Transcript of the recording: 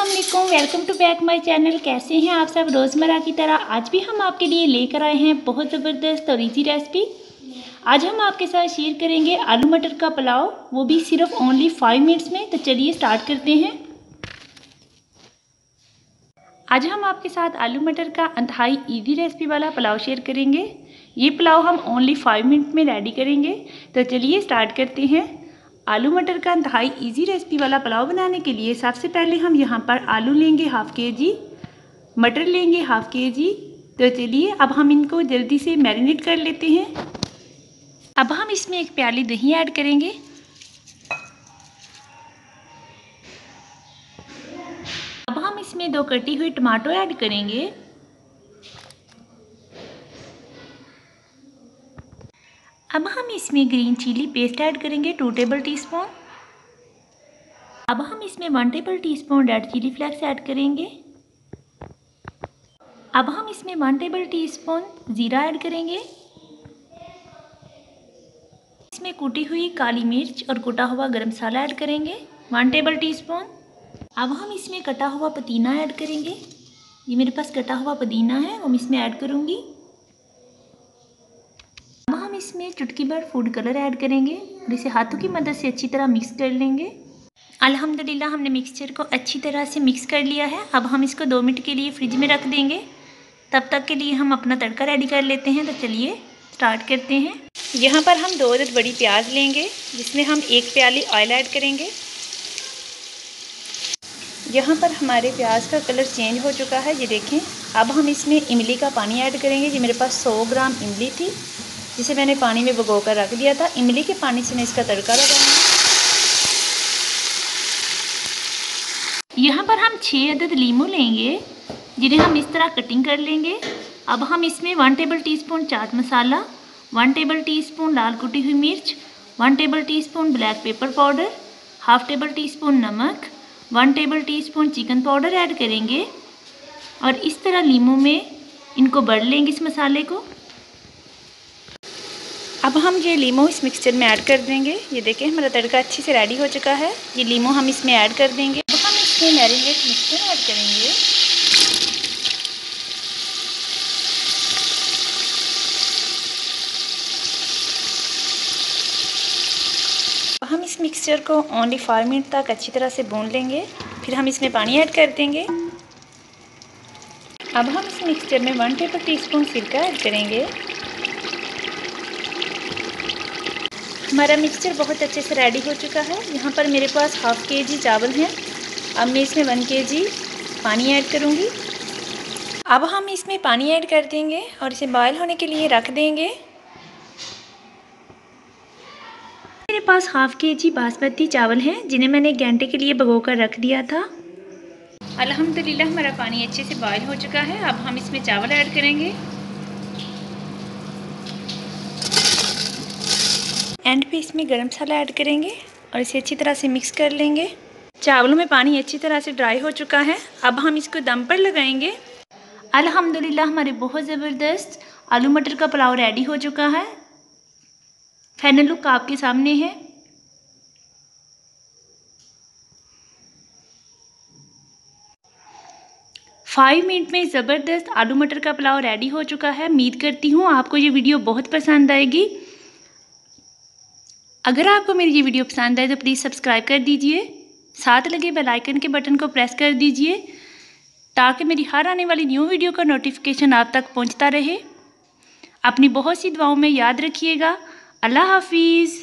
अस्सलाम welcome to back my channel कैसे हैं आप सब रोज़मर्रा की तरह आज भी हम आपके लिए लेकर आए हैं बहुत ज़बरदस्त और ईजी रेसिपी आज हम आपके साथ शेयर करेंगे आलू मटर का पुलाव वो भी सिर्फ ओनली फाइव मिनट्स में तो चलिए स्टार्ट करते हैं आज हम आपके साथ आलू मटर का अंतहाई ईजी रेसिपी वाला पुलाव शेयर करेंगे ये पुलाव हम ओनली फाइव मिनट में रेडी करेंगे तो चलिए स्टार्ट करते हैं आलू मटर का इंतहाई इजी रेसिपी वाला पुलाव बनाने के लिए सबसे पहले हम यहाँ पर आलू लेंगे हाफ़ के जी मटर लेंगे हाफ़ के जी तो चलिए अब हम इनको जल्दी से मैरिनेट कर लेते हैं अब हम इसमें एक प्याली दही ऐड करेंगे अब हम इसमें दो कटी हुई टमाटो ऐड करेंगे अब हम इसमें ग्रीन चिली पेस्ट ऐड करेंगे टू टेबल टीस्पून अब हम इसमें one table teaspoon red chilli flakes add करेंगे अब हम इसमें वन टेबल टीस्पून ज़ीरा ऐड करेंगे इसमें कूटी हुई काली मिर्च और कूटा हुआ गरम मसाला ऐड करेंगे वन टेबल टीस्पून अब हम इसमें कटा हुआ पुदीना ऐड करेंगे ये मेरे पास कटा हुआ पुदीना है हम इसमें ऐड करूँगी इसमें चुटकी भर फूड कलर ऐड करेंगे और इसे हाथों की मदद से अच्छी तरह मिक्स कर लेंगे अल्हम्दुलिल्लाह हमने मिक्सचर को अच्छी तरह से मिक्स कर लिया है अब हम इसको दो मिनट के लिए फ्रिज में रख देंगे तब तक के लिए हम अपना तड़का रेडी कर लेते हैं तो चलिए स्टार्ट करते हैं यहाँ पर हम दो अदद बड़ी प्याज लेंगे जिसमें हम एक प्याली ऑयल ऐड करेंगे यहाँ पर हमारे प्याज का कलर चेंज हो चुका है ये देखें अब हम इसमें इमली का पानी ऐड करेंगे ये मेरे पास 100 ग्राम इमली थी जिसे मैंने पानी में भगो कर रख दिया था इमली के पानी से मैं इसका तड़का लगाऊंगी यहाँ पर हम छः अदद लीमू लेंगे जिन्हें हम इस तरह कटिंग कर लेंगे अब हम इसमें one table teaspoon chaat masala one table teaspoon लाल कुटी हुई मिर्च one table teaspoon black pepper powder half table teaspoon नमक one table teaspoon chicken powder add करेंगे और इस तरह लीमू में इनको बढ़ लेंगे इस मसाले को अब हम ये लीमो इस मिक्सचर में ऐड कर देंगे ये देखें हमारा तड़का अच्छे से रेडी हो चुका है ये लीमो हम इसमें ऐड कर देंगे अब हम इसमें मैरिनेट मिक्सचर ऐड करेंगे हम इस मिक्सचर को ओनली फाइव मिनट तक अच्छी तरह से भून लेंगे फिर हम इसमें पानी ऐड कर देंगे अब हम इस मिक्सचर में वन टेबल टीस्पून सिरका ऐड करेंगे हमारा मिक्सचर बहुत अच्छे से रेडी हो चुका है यहाँ पर मेरे पास हाफ़ के जी चावल हैं अब मैं इसमें वन के जी पानी ऐड करूँगी अब हम इसमें पानी ऐड कर देंगे और इसे बॉयल होने के लिए रख देंगे मेरे पास हाफ़ के जी बासमती चावल हैं जिन्हें मैंने एक घंटे के लिए भगो कर रख दिया था अलहमदिल्ला हमारा पानी अच्छे से बॉयल हो चुका है अब हम इसमें चावल ऐड करेंगे एंड पे इसमें गरम मसाला ऐड करेंगे और इसे अच्छी तरह से मिक्स कर लेंगे चावलों में पानी अच्छी तरह से ड्राई हो चुका है अब हम इसको दम पर लगाएंगे अल्हम्दुलिल्लाह हमारे बहुत ज़बरदस्त आलू मटर का पुलाव रेडी हो चुका है फाइनल लुक आपके सामने है फाइव मिनट में ज़बरदस्त आलू मटर का पुलाव रेडी हो चुका है उम्मीद करती हूँ आपको ये वीडियो बहुत पसंद आएगी अगर आपको मेरी ये वीडियो पसंद आए तो प्लीज़ सब्सक्राइब कर दीजिए साथ लगे बेल आइकन के बटन को प्रेस कर दीजिए ताकि मेरी हर आने वाली न्यू वीडियो का नोटिफिकेशन आप तक पहुंचता रहे अपनी बहुत सी दुआओं में याद रखिएगा अल्लाह हाफिज़